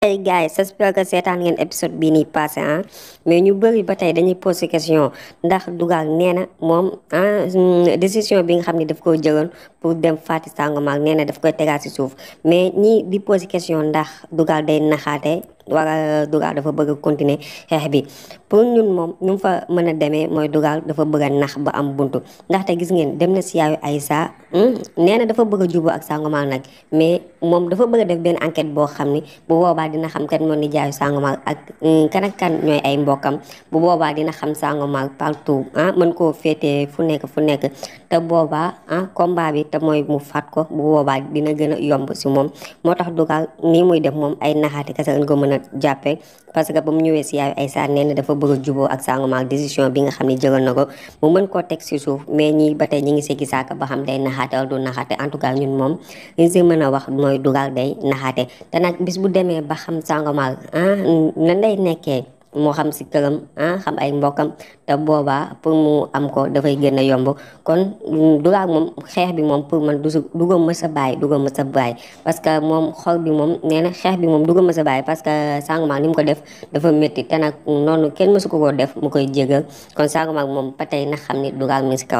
ay gars yi j'espère que seetaan ngeen épisode bii nii passé ah mais ñu bëri ba tey dañuy posé question ndax Dugal nee moom ah décision bi nga xam ne daf koo jëloon pour dem faati Sangomar nee na daf koy tegaat si suuf mais ñii di posé question ndax Dugal day naxaate waa Dugal dafa bëgg a xeex bi pour ñun moom ñu fa mën a demee mooy Dugal dafa bëgg a nax ba am buntu ndaxte gis ngeen dem na si yaayu Aïssa hmm, nee na dafa bëgg jubo ak Sangomar nag mais moom dafa bëgg a def benn enquête boo xam ni bu boobaa dina xam kan moo ni jaayu Sangomar ak hmm, ak kan ay mbokkam bu boobaa dina xam Sangomar partout ah mën koo féetee fu nekk fu nekk te boobaa ah combat bi te mooy mu faat ko bu boobaa dina gën a yomb si moom moo tax Dugal nii muy def moom ay naxaate kese lañ ko mën mën a jàppee parce que ba mu ñëwee si yaayu ay saar nee na dafa bëgg a juboo ak Sangomar décision bi nga xam ne jëloon na ko mu mën koo teg si suuf mais ñi ba tey ñi ngi si gisaaka ba xam day naxaate wala du naxaate en ñun moom liñ si mën a wax mooy dugal day naxaate te nag bis bu demee ba xam Sangomar ah nan day nekkee moo xam si këram ah xam ay mbokkam te boobaa pour mu am ko dafay génn a yomb kon mm, duraag moom xeex bi moom pour man du du ko mës a bàyyi du ko mës a bàyyi parce que moom xol bi moom nee na xeex bi moom du ko mës a bàyyi parce que Sangomar ni mu ko def dafa métti te nag noonu kenn mësu ko koo def mu koy jégal kon Sangomar moom ba tey na xam ni duraag mi si kaw